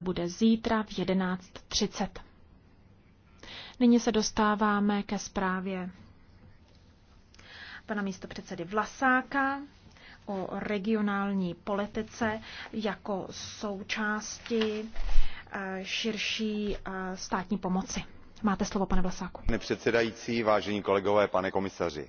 bude zítra v 11.30. Nyní se dostáváme ke zprávě pana předsedy Vlasáka o regionální politice jako součásti eh, širší eh, státní pomoci. Máte slovo, pane Vlasáku. Pane předsedající, vážení kolegové, pane komisaři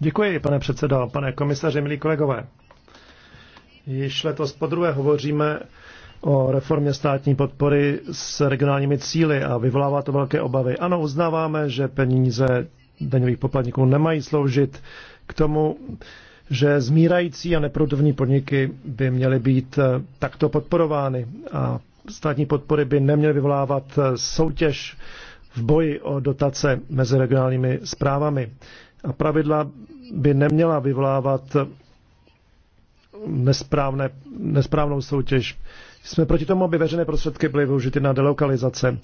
Děkuji, pane předsedo, pane komisaři, milí kolegové. Již letos po druhé hovoříme o reformě státní podpory s regionálními cíly a vyvolává to velké obavy. Ano, uznáváme, že peníze daňových poplatníků nemají sloužit k tomu, že zmírající a neproduktivní podniky by měly být takto podporovány a státní podpory by neměly vyvolávat soutěž v boji o dotace mezi regionálními zprávami. A pravidla by neměla vyvolávat nesprávné, nesprávnou soutěž. Jsme proti tomu, aby veřejné prostředky byly využity na delokalizace.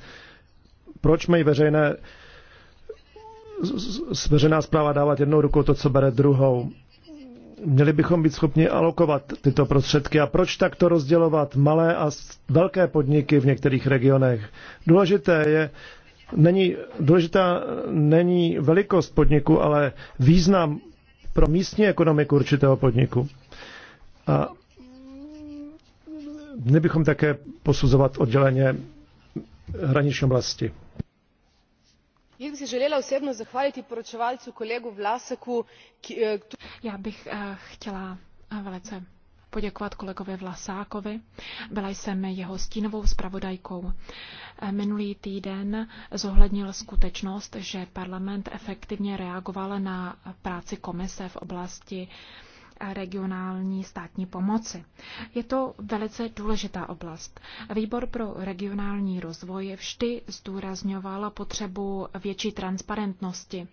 Proč mají veřejné veřejná zpráva dávat jednou rukou to, co bere druhou? Měli bychom být schopni alokovat tyto prostředky. A proč takto rozdělovat malé a velké podniky v některých regionech? Důležité je není důležitá není velikost podniku, ale význam pro místní ekonomiku určitého podniku. A my bychom také posuzovat odděleně hraniční oblasti. Eh, Já bych si želela osobno zahvalit poročevalcu kolegu Vlasaku. Já bych chtěla eh, velice poděkovat kolegovi Vlasákovi. Byla jsem jeho stínovou zpravodajkou. Eh, minulý týden zohlednil skutečnost, že parlament efektivně reagoval na práci komise v oblasti eh, regionální státní pomoci. Je to velice důležitá oblast. Výbor pro regionální rozvoj vždy zdůrazňoval potřebu větší transparentnosti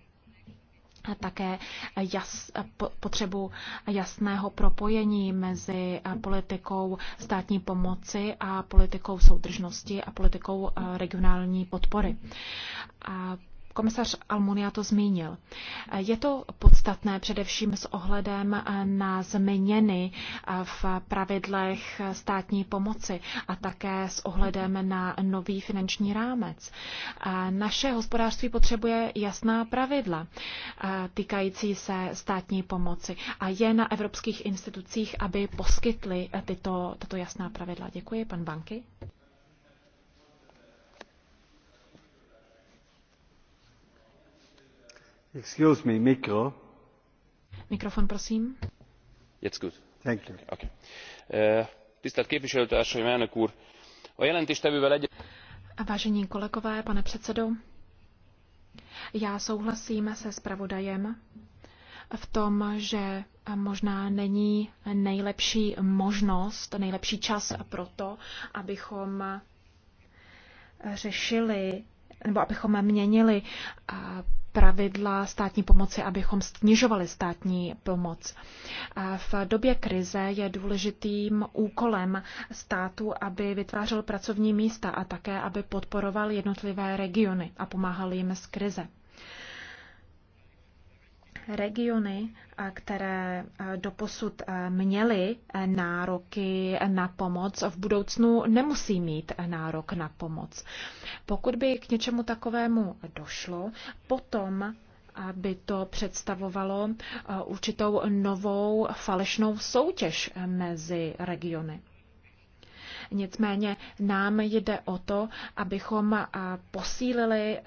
také jas, potřebu jasného propojení mezi politikou státní pomoci a politikou soudržnosti a politikou eh, regionální podpory. A komisař Almunia to zmínil. Je to podstatné především s ohledem na změny v pravidlech státní pomoci a také s ohledem na nový finanční rámec. Naše hospodářství potřebuje jasná pravidla týkající se státní pomoci a je na evropských institucích, aby poskytly tyto, tato jasná pravidla. Děkuji, pan Banky. Excuse me, mikro. Mikrofon, prosím. It's good. Thank you. Okay. Uh, tisztelt képviselőtársaim, elnök úr! A jelentéstevővel egy... Vážení kolegové, pane předsedo, já souhlasím se zpravodajem v tom, že možná není nejlepší možnost, nejlepší čas pro to, abychom řešili nebo abychom měnili eh, pravidla státní pomoci, abychom snižovali státní pomoc. V době krize je důležitým úkolem státu, aby vytvářel pracovní místa a také, aby podporoval jednotlivé regiony a pomáhal jim z krize regiony, eh, které eh, doposud eh, měly nároky na pomoc, v budoucnu nemusí mít nárok na pomoc. Pokud by k něčemu takovému došlo, potom by to představovalo určitou novou falešnou soutěž mezi regiony. Nicméně nám jde o to, abychom posílili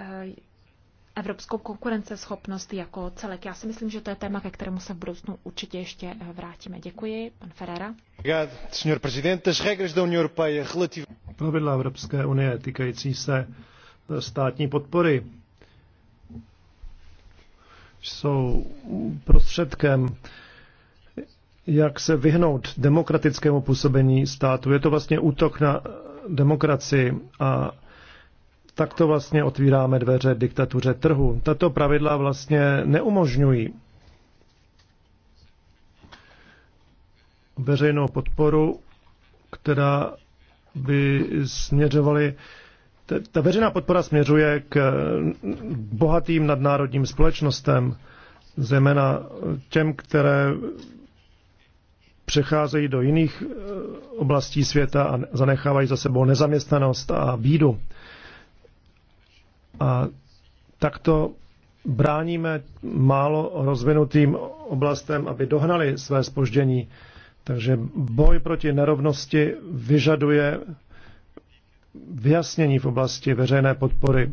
evropskou konkurenceschopnost jako celek. Já si myslím, že to je téma, ke kterému se v budoucnu určitě ještě eh, vrátíme. Děkuji, pan Ferrera. Pravidla Evropské unie týkající se eh, státní podpory jsou prostředkem, jak se vyhnout demokratickému působení státu. Je to vlastně útok na demokracii a tak to vlastně otvíráme dveře diktatuře trhu. Tato pravidla vlastně neumožňují veřejnou podporu, která by směřovaly ta veřejná podpora směřuje k bohatým nadnárodním společnostem, zejména těm, které přecházejí do jiných eh, oblastí světa a zanechávají za sebou nezaměstnanost a bídu. A takto bráníme málo rozvinutým oblastem, aby dohnali své spoždění. Takže boj proti nerovnosti vyžaduje vyjasnění v oblasti veřejné podpory.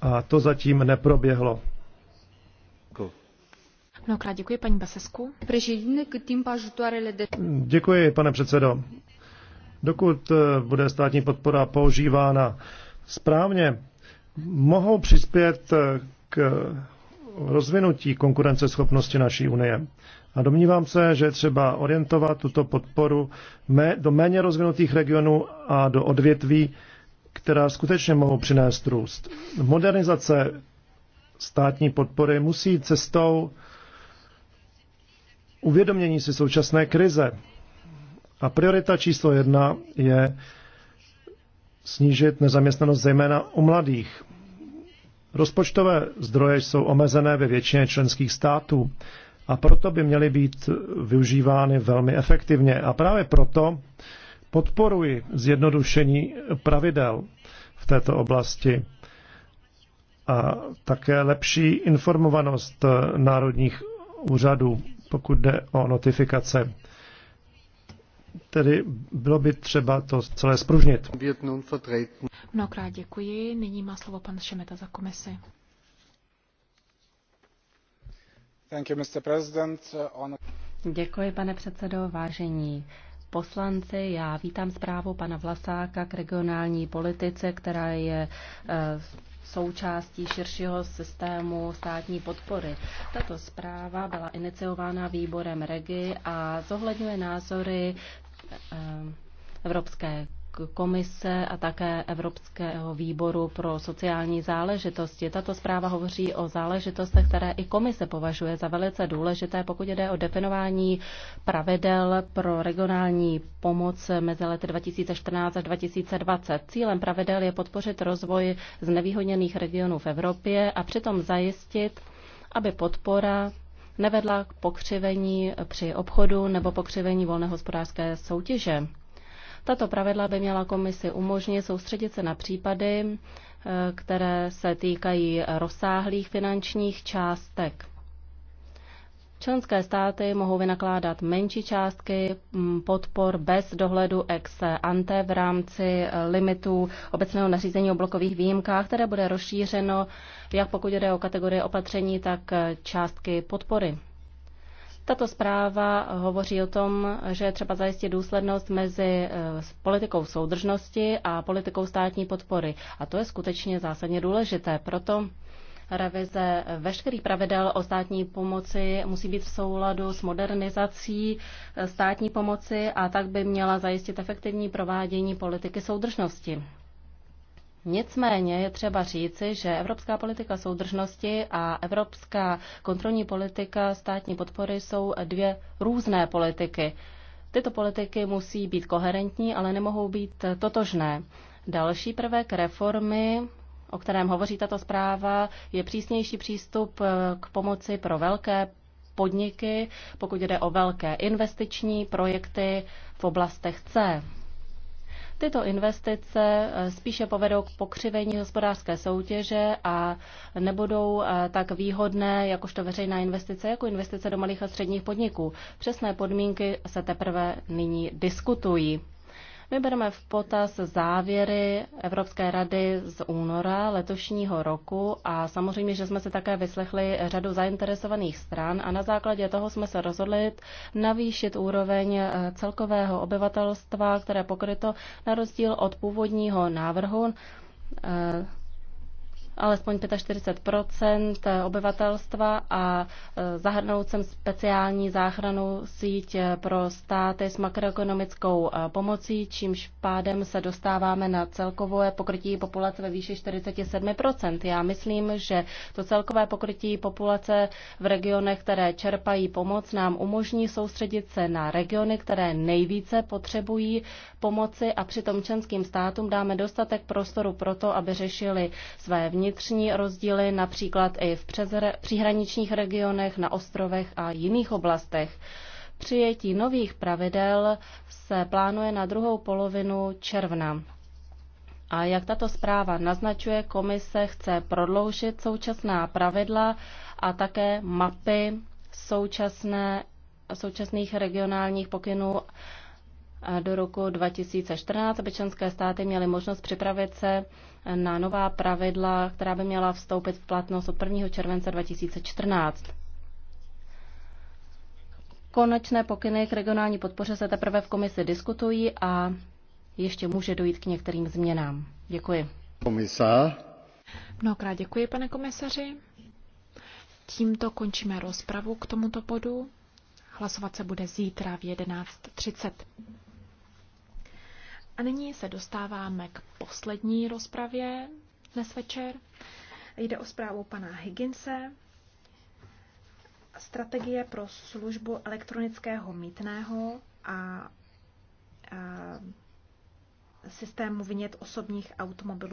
A to zatím neproběhlo. Mnohokrát děkuji, paní Basesku. Děkuji, pane předsedo. Dokud eh, bude státní podpora používána správně, mohou přispět eh, k rozvinutí konkurenceschopnosti naší unie. A domnívám se, že je třeba orientovat tuto podporu do méně rozvinutých regionů a do odvětví, která skutečně mohou přinést růst. Modernizace státní podpory musí cestou uvědomění si současné krize. A priorita číslo jedna je snížit nezaměstnanost zejména u mladých. Rozpočtové zdroje jsou omezené ve většině členských států a proto by měly být využívány velmi efektivně. A právě proto podporuji zjednodušení pravidel v této oblasti a také lepší informovanost národních úřadů, pokud jde o notifikace. Tedy bylo by třeba to celé spružnit. Mnohokrát děkuji. Nyní má slovo pan Šemeta za komisi. Děkuji, pane předsedo, vážení poslanci. Já vítám zprávu pana Vlasáka k regionální politice, která je eh, součástí širšího systému státní podpory. Tato zpráva byla iniciována výborem REGI a zohledňuje názory Eh, Evropské komise a také Evropského výboru pro sociální záležitosti. Tato zpráva hovoří o záležitostech, které i komise považuje za velice důležité, pokud jde o definování pravidel pro regionální pomoc mezi lety 2014 až 2020. Cílem pravidel je podpořit rozvoj znevýhodněných regionů v Evropě a přitom zajistit, aby podpora nevedla k pokřivení při obchodu nebo pokřivení volné hospodářské soutěže. Tato pravidla by měla komisi umožnit soustředit se na případy, eh, které se týkají rozsáhlých finančních částek. Členské státy mohou vynakládat menší částky mm, podpor bez dohledu ex ante v rámci eh, limitů obecného nařízení o blokových výjimkách, které bude rozšířeno, jak pokud jde o kategorie opatření, tak eh, částky podpory. Tato zpráva hovoří o tom, že je třeba zajistit důslednost mezi eh, politikou soudržnosti a politikou státní podpory. A to je skutečně zásadně důležité. Proto revize veškerých pravidel o státní pomoci musí být v souladu s modernizací eh, státní pomoci a tak by měla zajistit efektivní provádění politiky soudržnosti. Nicméně je třeba říci, že evropská politika soudržnosti a evropská kontrolní politika státní podpory jsou dvě různé politiky. Tyto politiky musí být koherentní, ale nemohou být totožné. Další prvek reformy o kterém hovoří tato zpráva, je přísnější přístup eh, k pomoci pro velké podniky, pokud jde o velké investiční projekty v oblastech C. Tyto investice eh, spíše povedou k pokřivení hospodářské soutěže a nebudou eh, tak výhodné jakožto veřejná investice, jako investice do malých a středních podniků. Přesné podmínky se teprve nyní diskutují. My bereme v potaz závěry Evropské rady z února letošního roku a samozřejmě, že jsme se také vyslechli řadu zainteresovaných stran a na základě toho jsme se rozhodli navýšit úroveň eh, celkového obyvatelstva, které pokryto na rozdíl od původního návrhu eh, alespoň 45 eh, obyvatelstva a eh, zahrnout sem speciální záchranu síť eh, pro státy s makroekonomickou pomocí, čímž pádem se dostáváme na celkové pokrytí populace ve výši 47 Já myslím, že to celkové pokrytí populace v regionech, které čerpají pomoc, nám umožní soustředit se na regiony, které nejvíce potřebují pomoci a přitom členským státům dáme dostatek prostoru pro to, aby řešili své vnitřní vnitřní rozdíly, například i v příhraničních regionech, na ostrovech a jiných oblastech. Přijetí nových pravidel se plánuje na druhou polovinu června. A jak tato zpráva naznačuje, komise chce prodloužit současná pravidla a také mapy současné, současných regionálních pokynů do roku 2014, aby členské státy měly možnost připravit se na nová pravidla, která by měla vstoupit v platnost od 1. července 2014. Konečné pokyny k regionální podpoře se teprve v komisi diskutují a ještě může dojít k některým změnám. Děkuji. Komisář. Mnohokrát děkuji, pane komisaři. Tímto končíme rozpravu k tomuto bodu. Hlasovat se bude zítra v 11.30. A nyní se dostáváme k poslední rozpravě dnes večer. Jde o zprávu pana Higginse. Strategie pro službu elektronického mítného a, a systému vynět osobních automobilů